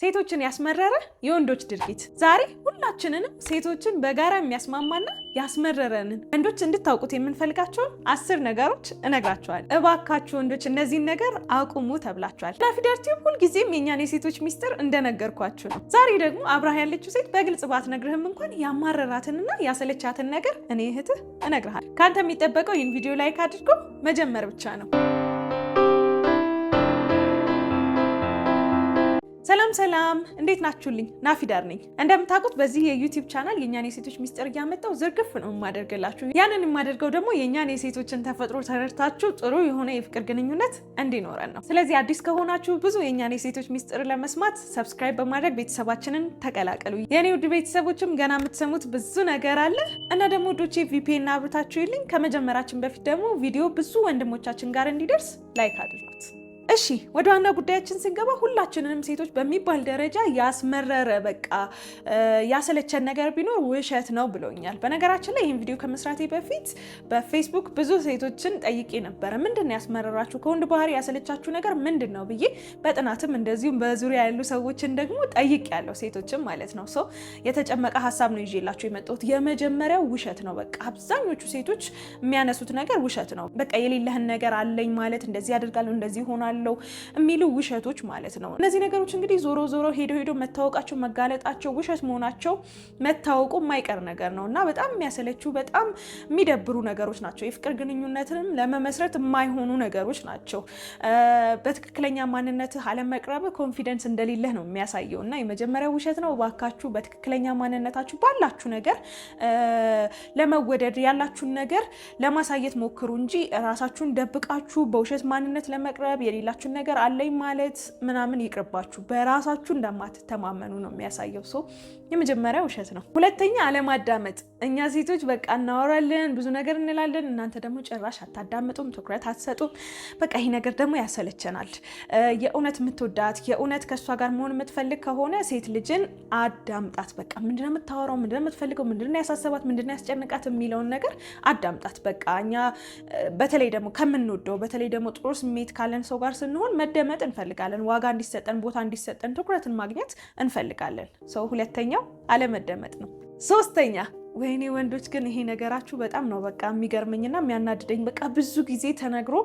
ሴቶችን ያስመረረ የወንዶች ድርጊት ዛሬ ሁላችንንም ሴቶችን በጋራ የሚያስማማና ያስመረረንን ወንዶች እንድታውቁት የምንፈልጋቸውን አስር ነገሮች እነግራቸዋል። እባካችሁ ወንዶች እነዚህን ነገር አቁሙ ተብላችኋል። ፊደር ቲዩብ ሁልጊዜም የእኛን የሴቶች ሚስጥር እንደነገርኳችሁ ነው። ዛሬ ደግሞ አብራህ ያለችው ሴት በግልጽ ባትነግርህም እንኳን ያማረራትንና ያሰለቻትን ነገር እኔ እህትህ እነግርሃል። ከአንተ የሚጠበቀው ይህን ቪዲዮ ላይክ አድርጎ መጀመር ብቻ ነው። ሰላም ሰላም፣ እንዴት ናችሁልኝ? ናፊዳር ነኝ። እንደምታውቁት በዚህ የዩቲዩብ ቻናል የእኛን የሴቶች ሚስጥር እያመጣው ዝርግፍ ነው የማደርግላችሁ። ያንን የማደርገው ደግሞ የእኛን የሴቶችን ተፈጥሮ ተረድታችሁ ጥሩ የሆነ የፍቅር ግንኙነት እንዲኖረን ነው። ስለዚህ አዲስ ከሆናችሁ ብዙ የእኛን የሴቶች ሚስጥር ለመስማት ሰብስክራይብ በማድረግ ቤተሰባችንን ተቀላቀሉ። የእኔ ውድ ቤተሰቦችም ገና የምትሰሙት ብዙ ነገር አለ እና ደግሞ ዶቼ ቪፒኤን አብርታችሁ ይልኝ። ከመጀመራችን በፊት ደግሞ ቪዲዮ ብዙ ወንድሞቻችን ጋር እንዲደርስ ላይክ አድርጉት። እሺ ወደ ዋና ጉዳያችን ስንገባ ሁላችንንም ሴቶች በሚባል ደረጃ ያስመረረ በቃ ያሰለቸን ነገር ቢኖር ውሸት ነው ብሎኛል። በነገራችን ላይ ይህን ቪዲዮ ከመስራቴ በፊት በፌስቡክ ብዙ ሴቶችን ጠይቄ ነበረ። ምንድን ነው ያስመረራችሁ፣ ከወንድ ባህሪ ያሰለቻችሁ ነገር ምንድን ነው ብዬ በጥናትም እንደዚሁም በዙሪያ ያሉ ሰዎችን ደግሞ ጠይቅ ያለው ሴቶችን ማለት ነው። ሰው የተጨመቀ ሀሳብ ነው ይዤላችሁ የመጣሁት። የመጀመሪያው ውሸት ነው። በቃ አብዛኞቹ ሴቶች የሚያነሱት ነገር ውሸት ነው። በቃ የሌለህን ነገር አለኝ ማለት እንደዚህ ያደርጋለሁ እንደዚህ ይሆናል አለው የሚሉ ውሸቶች ማለት ነው። እነዚህ ነገሮች እንግዲህ ዞሮ ዞሮ ሄዶ ሄዶ መታወቃቸው፣ መጋለጣቸው፣ ውሸት መሆናቸው መታወቁ የማይቀር ነገር ነው እና በጣም የሚያሰለችው በጣም የሚደብሩ ነገሮች ናቸው። የፍቅር ግንኙነትንም ለመመስረት የማይሆኑ ነገሮች ናቸው። በትክክለኛ ማንነትህ አለመቅረብ ኮንፊደንስ እንደሌለህ ነው የሚያሳየው እና የመጀመሪያው ውሸት ነው። እባካችሁ በትክክለኛ ማንነታችሁ ባላችሁ ነገር ለመወደድ ያላችሁን ነገር ለማሳየት ሞክሩ እንጂ ራሳችሁን ደብቃችሁ በውሸት ማንነት ለመቅረብ የሌላ የሌላችሁን ነገር አለኝ ማለት ምናምን ይቅርባችሁ። በራሳችሁ እንደማትተማመኑ ነው የሚያሳየው። ሰው የመጀመሪያ ውሸት ነው። ሁለተኛ አለማዳመጥ። እኛ ሴቶች በቃ እናወራለን፣ ብዙ ነገር እንላለን። እናንተ ደግሞ ጭራሽ አታዳምጡም፣ ትኩረት አትሰጡም። በቃ ይህ ነገር ደግሞ ያሰለቸናል። የእውነት የምትወዳት የእውነት ከእሷ ጋር መሆን የምትፈልግ ከሆነ ሴት ልጅን አዳምጣት። በቃ ምንድነው የምታወራው? ምንድነው የምትፈልገው? ምንድነው ያሳሰባት? ምንድነው ያስጨንቃት? የሚለውን ነገር አዳምጣት። በቃ እኛ በተለይ ደግሞ ከምንወደው በተለይ ደግሞ ጥሩ ስሜት ካለን ሰው ጋር ስንሆን መደመጥ እንፈልጋለን። ዋጋ እንዲሰጠን፣ ቦታ እንዲሰጠን፣ ትኩረትን ማግኘት እንፈልጋለን። ሰው ሁለተኛው አለመደመጥ ነው። ሶስተኛ ወይኔ ወንዶች ግን ይሄ ነገራችሁ በጣም ነው በቃ የሚገርመኝና የሚያናድደኝ። በቃ ብዙ ጊዜ ተነግሮ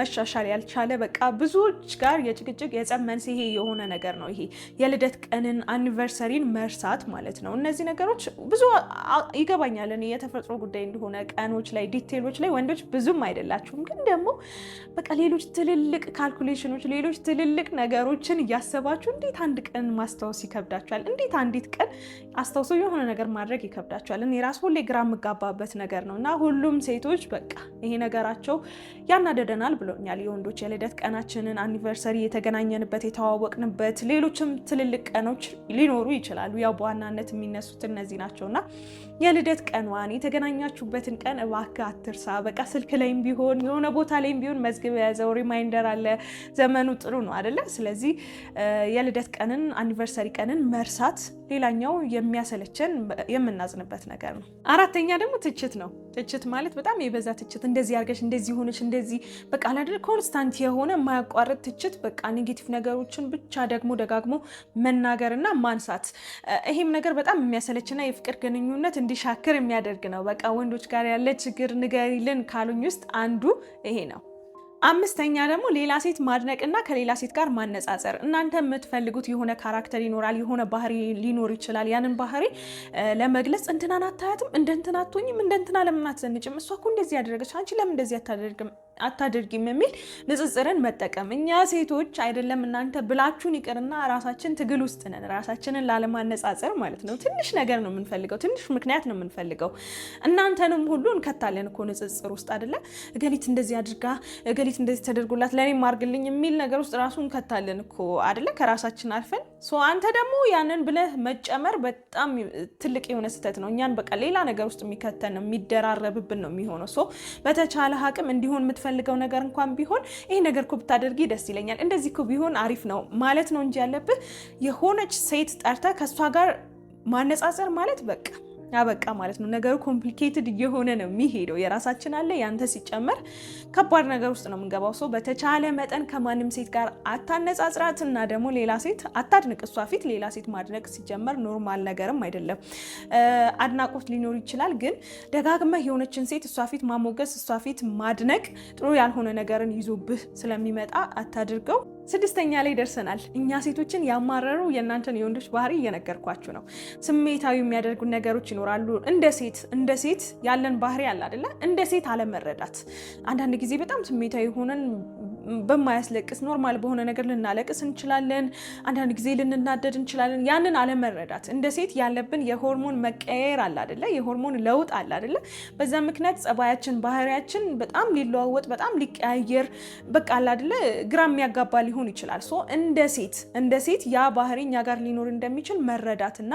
መሻሻል ያልቻለ በቃ ብዙዎች ጋር የጭቅጭቅ የጸብ መንስኤ የሆነ ነገር ነው ይሄ የልደት ቀንን አኒቨርሰሪን መርሳት ማለት ነው። እነዚህ ነገሮች ብዙ ይገባኛል እኔ የተፈጥሮ ጉዳይ እንደሆነ ቀኖች ላይ ዲቴሎች ላይ ወንዶች ብዙም አይደላችሁም። ግን ደግሞ በቃ ሌሎች ትልልቅ ካልኩሌሽኖች፣ ሌሎች ትልልቅ ነገሮችን እያሰባችሁ እንዴት አንድ ቀን ማስታወስ ይከብዳችኋል? እንዴት አንዲት ቀን አስታውሶ የሆነ ነገር ማድረግ ይከብዳል? ይከብዳቸዋል። እኔ ራስ ሁሌ ግራ የምጋባበት ነገር ነው እና ሁሉም ሴቶች በቃ ይሄ ነገራቸው ያናደደናል ብሎኛል። የወንዶች የልደት ቀናችንን አኒቨርሰሪ፣ የተገናኘንበት የተዋወቅንበት፣ ሌሎችም ትልልቅ ቀኖች ሊኖሩ ይችላሉ። ያው በዋናነት የሚነሱት እነዚህ ናቸው እና የልደት ቀኗን የተገናኛችሁበትን ቀን እባክህ አትርሳ። በቃ ስልክ ላይም ቢሆን የሆነ ቦታ ላይም ቢሆን መዝግብ የያዘው ሪማይንደር አለ። ዘመኑ ጥሩ ነው አደለ? ስለዚህ የልደት ቀንን አኒቨርሰሪ ቀንን መርሳት ሌላኛው የሚያሰለቸን የምና የተጓዝንበት ነገር ነው። አራተኛ ደግሞ ትችት ነው። ትችት ማለት በጣም የበዛ ትችት፣ እንደዚህ አድርገሽ፣ እንደዚህ ሆነች እንደዚህ በቃ ላደ ኮንስታንት የሆነ የማያቋርጥ ትችት፣ በቃ ኔጌቲቭ ነገሮችን ብቻ ደግሞ ደጋግሞ መናገርና ማንሳት። ይሄም ነገር በጣም የሚያሰለችና የፍቅር ግንኙነት እንዲሻክር የሚያደርግ ነው። በቃ ወንዶች ጋር ያለ ችግር ንገሪልን ካሉኝ ውስጥ አንዱ ይሄ ነው። አምስተኛ ደግሞ ሌላ ሴት ማድነቅ እና ከሌላ ሴት ጋር ማነጻጸር። እናንተ የምትፈልጉት የሆነ ካራክተር ይኖራል፣ የሆነ ባህሪ ሊኖር ይችላል። ያንን ባህሪ ለመግለጽ እንትናን አታያትም፣ እንደንትና አትሆኝም፣ እንደንትና ለምን አትዘንጭም፣ እሷ እኮ እንደዚህ ያደረገች፣ አንቺ ለምን እንደዚህ አታደርግም አታድርጊም የሚል ንጽጽርን መጠቀም እኛ ሴቶች አይደለም እናንተ ብላችሁን ይቅርና ራሳችን ትግል ውስጥ ነን። ራሳችንን ላለማነጻጸር ማለት ነው። ትንሽ ነገር ነው የምንፈልገው፣ ትንሽ ምክንያት ነው የምንፈልገው። እናንተንም ሁሉ እንከታለን እኮ ንጽጽር ውስጥ አደለ? እገሊት እንደዚህ አድርጋ፣ እገሊት እንደዚህ ተደርጎላት ለእኔም አድርግልኝ የሚል ነገር ውስጥ ራሱ እንከታለን እኮ አደለ? ከራሳችን አልፈን ሶ አንተ ደግሞ ያንን ብለህ መጨመር በጣም ትልቅ የሆነ ስህተት ነው። እኛን በቃ ሌላ ነገር ውስጥ የሚከተን ነው የሚደራረብብን ነው የሚሆነው። ሶ በተቻለ አቅም እንዲሆን የምትፈልገው ነገር እንኳን ቢሆን ይሄ ነገር እኮ ብታደርጊ ደስ ይለኛል፣ እንደዚህ እኮ ቢሆን አሪፍ ነው ማለት ነው እንጂ ያለብህ የሆነች ሴት ጠርተህ ከእሷ ጋር ማነጻጸር ማለት በቃ አበቃ ማለት ነው። ነገሩ ኮምፕሊኬትድ እየሆነ ነው የሚሄደው። የራሳችን አለ ያንተ ሲጨመር ከባድ ነገር ውስጥ ነው የምንገባው። ሰው በተቻለ መጠን ከማንም ሴት ጋር አታነጻጽራት እና ደግሞ ሌላ ሴት አታድንቅ። እሷ ፊት ሌላ ሴት ማድነቅ ሲጀመር ኖርማል ነገርም አይደለም። አድናቆት ሊኖር ይችላል፣ ግን ደጋግመህ የሆነችን ሴት እሷ ፊት ማሞገስ፣ እሷ ፊት ማድነቅ ጥሩ ያልሆነ ነገርን ይዞብህ ስለሚመጣ አታድርገው። ስድስተኛ ላይ ደርሰናል። እኛ ሴቶችን ያማረሩ የእናንተን የወንዶች ባህሪ እየነገርኳችሁ ነው። ስሜታዊ የሚያደርጉ ነገሮች ይኖራሉ። እንደ ሴት እንደ ሴት ያለን ባህሪ አለ አይደለ? እንደ ሴት አለመረዳት። አንዳንድ ጊዜ በጣም ስሜታዊ ሆነን በማያስለቅስ ኖርማል በሆነ ነገር ልናለቅስ እንችላለን። አንዳንድ ጊዜ ልንናደድ እንችላለን። ያንን አለመረዳት እንደ ሴት ያለብን የሆርሞን መቀየር አለ አደለ? የሆርሞን ለውጥ አለ አደለ? በዛ ምክንያት ጸባያችን፣ ባህሪያችን በጣም ሊለዋወጥ በጣም ሊቀያየር በቃ አለ አደለ? ግራ የሚያጋባ ሊሆን ይችላል። ሶ እንደ ሴት እንደ ሴት ያ ባህሪ እኛ ጋር ሊኖር እንደሚችል መረዳትና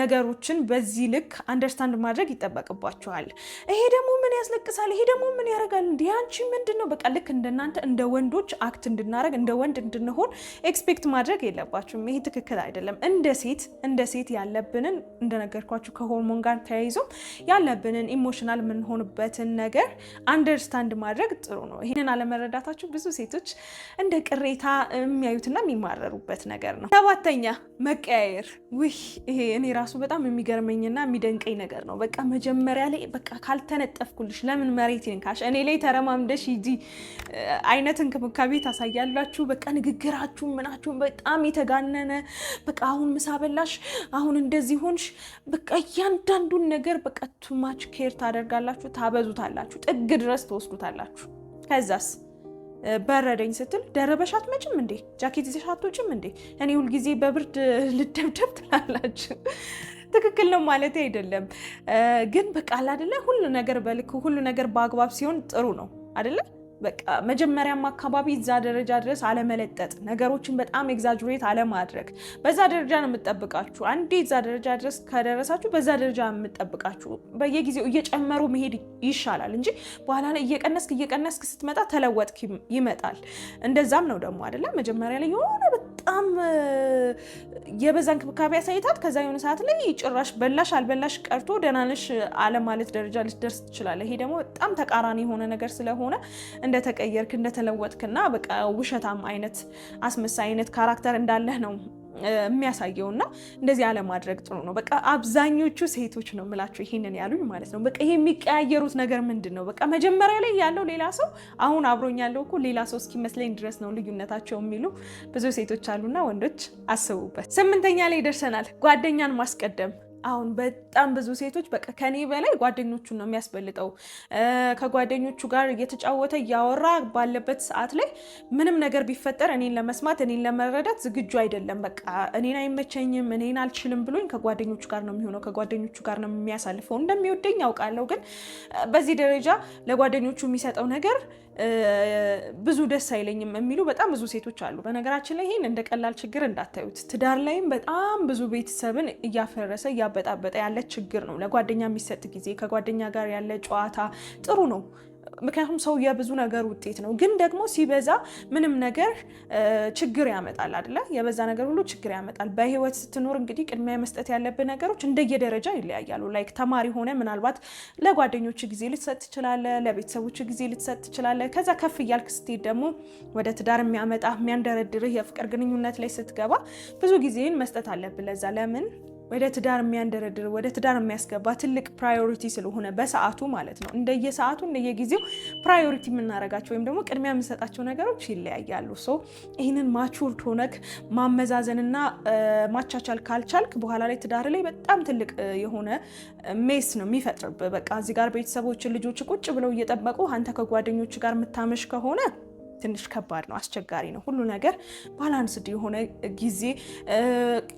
ነገሮችን በዚህ ልክ አንደርስታንድ ማድረግ ይጠበቅባቸዋል። ይሄ ደግሞ ምን ያስለቅሳል፣ ይሄ ደግሞ ምን ያደርጋል፣ እንዲህ አንቺ ምንድን ነው በቃ ልክ እንደናንተ እንደ ወንድ ወንዶች አክት እንድናደረግ እንደ ወንድ እንድንሆን ኤክስፔክት ማድረግ የለባችሁም። ይሄ ትክክል አይደለም። እንደ ሴት እንደ ሴት ያለብንን እንደነገርኳችሁ ከሆርሞን ጋር ተያይዞ ያለብንን ኢሞሽናል የምንሆንበትን ነገር አንደርስታንድ ማድረግ ጥሩ ነው። ይህንን አለመረዳታችሁ ብዙ ሴቶች እንደ ቅሬታ የሚያዩትና የሚማረሩበት ነገር ነው። ሰባተኛ መቀያየር። ውህ ይሄ እኔ ራሱ በጣም የሚገርመኝና የሚደንቀኝ ነገር ነው። በቃ መጀመሪያ ላይ በቃ ካልተነጠፍኩልሽ ለምን መሬት ይንካሽ እኔ ላይ ተረማምደሽ ይዚ አይነትን እንክብካቤ ታሳያላችሁ። በቃ ንግግራችሁ ምናችሁን በጣም የተጋነነ በቃ አሁን ምሳ በላሽ፣ አሁን እንደዚህ ሆንሽ፣ በቃ እያንዳንዱን ነገር በቃ ቱማች ኬር ታደርጋላችሁ፣ ታበዙታላችሁ፣ ጥግ ድረስ ትወስዱታላችሁ። ከዛስ በረደኝ ስትል ደረበሻት መጭም እንዴ ጃኬት ይዘሽ አትወጪም እንዴ እኔ ሁልጊዜ በብርድ ልደብደብ ትላላችሁ። ትክክል ነው ማለት አይደለም፣ ግን በቃል አደለ ሁሉ ነገር በልክ ሁሉ ነገር በአግባብ ሲሆን ጥሩ ነው አይደለም። በቃ መጀመሪያም አካባቢ እዛ ደረጃ ድረስ አለመለጠጥ፣ ነገሮችን በጣም ኤግዛጅሬት አለማድረግ። በዛ ደረጃ ነው የምጠብቃችሁ። አንዴ እዛ ደረጃ ድረስ ከደረሳችሁ በዛ ደረጃ ነው የምጠብቃችሁ። በየጊዜው እየጨመሩ መሄድ ይሻላል እንጂ በኋላ ላይ እየቀነስክ እየቀነስክ ስትመጣ ተለወጥክ ይመጣል። እንደዛም ነው ደግሞ አይደለም መጀመሪያ ላይ የሆነ በጣም የበዛ እንክብካቤ ያሳይታት። ከዛ የሆነ ሰዓት ላይ ጭራሽ በላሽ አልበላሽ ቀርቶ ደህና ነሽ አለማለት ደረጃ ልትደርስ ትችላለህ። ይሄ ደግሞ በጣም ተቃራኒ የሆነ ነገር ስለሆነ እንደተቀየርክ እንደተለወጥክና በቃ ውሸታም አይነት አስመሳይ አይነት ካራክተር እንዳለህ ነው የሚያሳየው እና እንደዚህ አለማድረግ ጥሩ ነው። በቃ አብዛኞቹ ሴቶች ነው የምላቸው ይሄንን ያሉኝ ማለት ነው። በቃ ይሄ የሚቀያየሩት ነገር ምንድን ነው? በቃ መጀመሪያ ላይ ያለው ሌላ ሰው፣ አሁን አብሮኝ ያለው እኮ ሌላ ሰው እስኪመስለኝ ድረስ ነው ልዩነታቸው የሚሉ ብዙ ሴቶች አሉና ወንዶች አስቡበት። ስምንተኛ ላይ ደርሰናል። ጓደኛን ማስቀደም አሁን በጣም ብዙ ሴቶች በቃ ከኔ በላይ ጓደኞቹን ነው የሚያስበልጠው። ከጓደኞቹ ጋር እየተጫወተ እያወራ ባለበት ሰዓት ላይ ምንም ነገር ቢፈጠር እኔን ለመስማት እኔን ለመረዳት ዝግጁ አይደለም። በቃ እኔን አይመቸኝም፣ እኔን አልችልም ብሎኝ ከጓደኞቹ ጋር ነው የሚሆነው፣ ከጓደኞቹ ጋር ነው የሚያሳልፈው። እንደሚወደኝ ያውቃለሁ፣ ግን በዚህ ደረጃ ለጓደኞቹ የሚሰጠው ነገር ብዙ ደስ አይለኝም የሚሉ በጣም ብዙ ሴቶች አሉ። በነገራችን ላይ ይህን እንደ ቀላል ችግር እንዳታዩት። ትዳር ላይም በጣም ብዙ ቤተሰብን እያፈረሰ እያበጣበጠ ያለ ችግር ነው። ለጓደኛ የሚሰጥ ጊዜ፣ ከጓደኛ ጋር ያለ ጨዋታ ጥሩ ነው። ምክንያቱም ሰው የብዙ ነገር ውጤት ነው። ግን ደግሞ ሲበዛ ምንም ነገር ችግር ያመጣል አይደለ? የበዛ ነገር ሁሉ ችግር ያመጣል። በህይወት ስትኖር እንግዲህ ቅድሚያ መስጠት ያለብህ ነገሮች እንደየደረጃ ይለያያሉ። ላይክ ተማሪ ሆነ ምናልባት ለጓደኞች ጊዜ ልትሰጥ ትችላለህ፣ ለቤተሰቦች ጊዜ ልትሰጥ ትችላለህ። ከዛ ከፍ እያልክ ስትሄድ ደግሞ ወደ ትዳር የሚያመጣ የሚያንደረድርህ የፍቅር ግንኙነት ላይ ስትገባ ብዙ ጊዜን መስጠት አለብህ ለዛ ለምን ወደ ትዳር የሚያንደረድር ወደ ትዳር የሚያስገባ ትልቅ ፕራዮሪቲ ስለሆነ በሰዓቱ ማለት ነው። እንደየሰዓቱ እንደየጊዜው ፕራዮሪቲ የምናረጋቸው ወይም ደግሞ ቅድሚያ የምንሰጣቸው ነገሮች ይለያያሉ። ሶ ይህንን ማቹርድ ሆነክ ማመዛዘንና ማቻቻል ካልቻልክ በኋላ ላይ ትዳር ላይ በጣም ትልቅ የሆነ ሜስ ነው የሚፈጥርብ። በቃ እዚህ ጋር ቤተሰቦች ልጆች ቁጭ ብለው እየጠበቁ አንተ ከጓደኞች ጋር የምታመሽ ከሆነ ትንሽ ከባድ ነው፣ አስቸጋሪ ነው። ሁሉ ነገር ባላንስድ የሆነ ጊዜ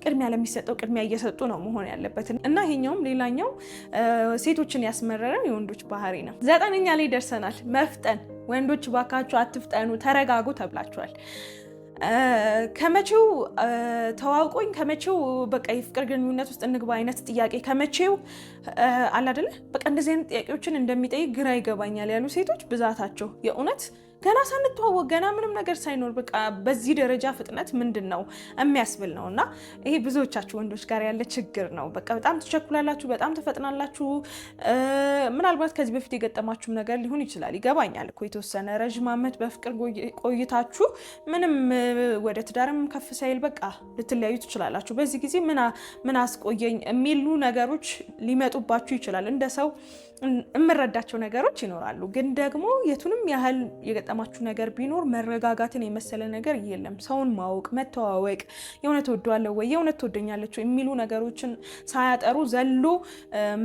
ቅድሚያ ለሚሰጠው ቅድሚያ እየሰጡ ነው መሆን ያለበት እና ይሄኛውም ሌላኛው ሴቶችን ያስመረረን የወንዶች ባህሪ ነው። ዘጠነኛ ላይ ደርሰናል። መፍጠን። ወንዶች ባካችሁ አትፍጠኑ፣ ተረጋጉ ተብላችኋል። ከመቼው ተዋውቆኝ ከመቼው በቃ የፍቅር ግንኙነት ውስጥ እንግባ አይነት ጥያቄ ከመቼው አላደለ በቃ እንደዚህ አይነት ጥያቄዎችን እንደሚጠይቅ ግራ ይገባኛል ያሉ ሴቶች ብዛታቸው የእውነት ገና ሳንተዋወቅ ገና ምንም ነገር ሳይኖር በቃ በዚህ ደረጃ ፍጥነት ምንድን ነው የሚያስብል ነው። እና ይሄ ብዙዎቻችሁ ወንዶች ጋር ያለ ችግር ነው። በቃ በጣም ትቸኩላላችሁ፣ በጣም ትፈጥናላችሁ። ምናልባት ከዚህ በፊት የገጠማችሁም ነገር ሊሆን ይችላል። ይገባኛል እኮ የተወሰነ ረዥም ዓመት በፍቅር ቆይታችሁ ምንም ወደ ትዳርም ከፍ ሳይል በቃ ልትለያዩ ትችላላችሁ። በዚህ ጊዜ ምን አስቆየኝ የሚሉ ነገሮች ሊመጡባችሁ ይችላል እንደ ሰው የምረዳቸው ነገሮች ይኖራሉ። ግን ደግሞ የቱንም ያህል የገጠማችሁ ነገር ቢኖር መረጋጋትን የመሰለ ነገር የለም። ሰውን ማወቅ፣ መተዋወቅ፣ የእውነት ወደዋለሁ ወይ የእውነት ትወደኛለች የሚሉ ነገሮችን ሳያጠሩ ዘሎ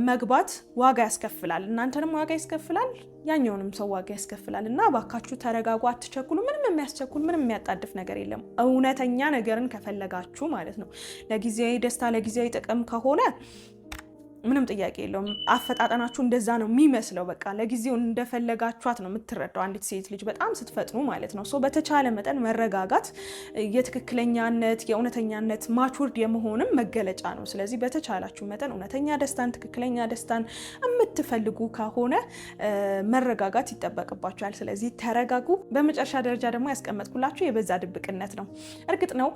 መግባት ዋጋ ያስከፍላል። እናንተንም ዋጋ ያስከፍላል፣ ያኛውንም ሰው ዋጋ ያስከፍላል። እና ባካችሁ ተረጋጉ፣ አትቸኩሉ። ምንም የሚያስቸኩል ምንም የሚያጣድፍ ነገር የለም። እውነተኛ ነገርን ከፈለጋችሁ ማለት ነው። ለጊዜያዊ ደስታ ለጊዜያዊ ጥቅም ከሆነ ምንም ጥያቄ የለውም። አፈጣጠናችሁ እንደዛ ነው የሚመስለው። በቃ ለጊዜው እንደፈለጋችኋት ነው የምትረዳው አንዲት ሴት ልጅ በጣም ስትፈጥኑ ማለት ነው። በተቻለ መጠን መረጋጋት የትክክለኛነት የእውነተኛነት ማቹርድ የመሆንም መገለጫ ነው። ስለዚህ በተቻላችሁ መጠን እውነተኛ ደስታን፣ ትክክለኛ ደስታን የምትፈልጉ ከሆነ መረጋጋት ይጠበቅባችኋል። ስለዚህ ተረጋጉ። በመጨረሻ ደረጃ ደግሞ ያስቀመጥኩላችሁ የበዛ ድብቅነት ነው። እርግጥ ነው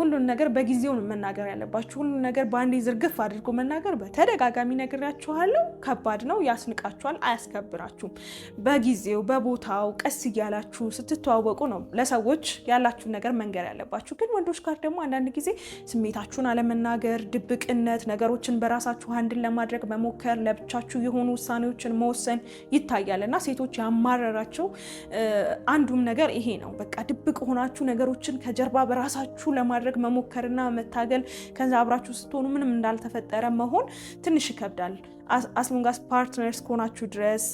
ሁሉን ነገር በጊዜው መናገር ያለባችሁ። ሁሉን ነገር በአንዴ ዝርግፍ አድርጎ መናገር በተደ በተደጋጋሚ ነግሬያችኋለሁ። ከባድ ነው፣ ያስንቃችኋል፣ አያስከብራችሁም። በጊዜው በቦታው ቀስ እያላችሁ ስትተዋወቁ ነው ለሰዎች ያላችሁን ነገር መንገር ያለባችሁ። ግን ወንዶች ጋር ደግሞ አንዳንድ ጊዜ ስሜታችሁን አለመናገር፣ ድብቅነት፣ ነገሮችን በራሳችሁ አንድን ለማድረግ መሞከር፣ ለብቻችሁ የሆኑ ውሳኔዎችን መወሰን ይታያል እና ሴቶች ያማረራቸው አንዱም ነገር ይሄ ነው። በቃ ድብቅ ሆናችሁ ነገሮችን ከጀርባ በራሳችሁ ለማድረግ መሞከርና መታገል ከዛ አብራችሁ ስትሆኑ ምንም እንዳልተፈጠረ መሆን ትንሽ ይከብዳል። አስሎንጋስ ፓርትነር እስከሆናችሁ ድረስ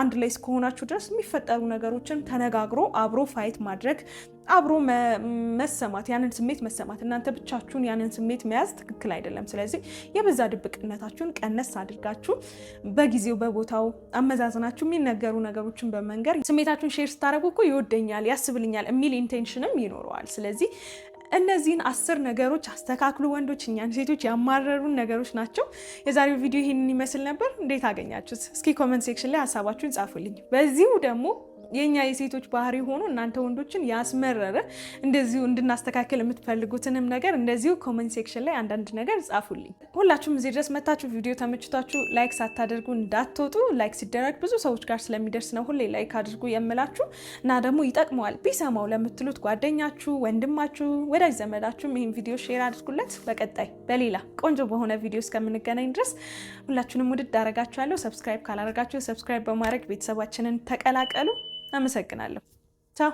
አንድ ላይ እስከሆናችሁ ድረስ የሚፈጠሩ ነገሮችን ተነጋግሮ አብሮ ፋይት ማድረግ አብሮ መሰማት ያንን ስሜት መሰማት፣ እናንተ ብቻችሁን ያንን ስሜት መያዝ ትክክል አይደለም። ስለዚህ የበዛ ድብቅነታችሁን ቀነስ አድርጋችሁ በጊዜው በቦታው አመዛዝናችሁ የሚነገሩ ነገሮችን በመንገር ስሜታችሁን ሼር ስታደረጉ እኮ ይወደኛል፣ ያስብልኛል የሚል ኢንቴንሽንም ይኖረዋል። ስለዚህ እነዚህን አስር ነገሮች አስተካክሉ ወንዶች እኛን ሴቶች ያማረሩን ነገሮች ናቸው። የዛሬው ቪዲዮ ይህንን ይመስል ነበር። እንዴት አገኛችሁት? እስኪ ኮመንት ሴክሽን ላይ ሀሳባችሁን ጻፉልኝ። በዚሁ ደግሞ የኛ የሴቶች ባህሪ ሆኖ እናንተ ወንዶችን ያስመረረ እንደዚሁ እንድናስተካከል የምትፈልጉትንም ነገር እንደዚሁ ኮመንት ሴክሽን ላይ አንዳንድ ነገር ጻፉልኝ። ሁላችሁም እዚህ ድረስ መታችሁ ቪዲዮ ተመችቷችሁ ላይክ ሳታደርጉ እንዳትወጡ። ላይክ ሲደረግ ብዙ ሰዎች ጋር ስለሚደርስ ነው ሁሌ ላይክ አድርጉ የምላችሁ እና ደግሞ ይጠቅመዋል ቢሰማው ለምትሉት ጓደኛችሁ፣ ወንድማችሁ፣ ወዳጅ ዘመዳችሁም ይህን ቪዲዮ ሼር አድርጉለት። በቀጣይ በሌላ ቆንጆ በሆነ ቪዲዮ እስከምንገናኝ ድረስ ሁላችሁንም ውድድ አረጋችኋለሁ። ሰብስክራይብ ካላረጋችሁ ሰብስክራይብ በማድረግ ቤተሰባችንን ተቀላቀሉ። አመሰግናለሁ። ቻው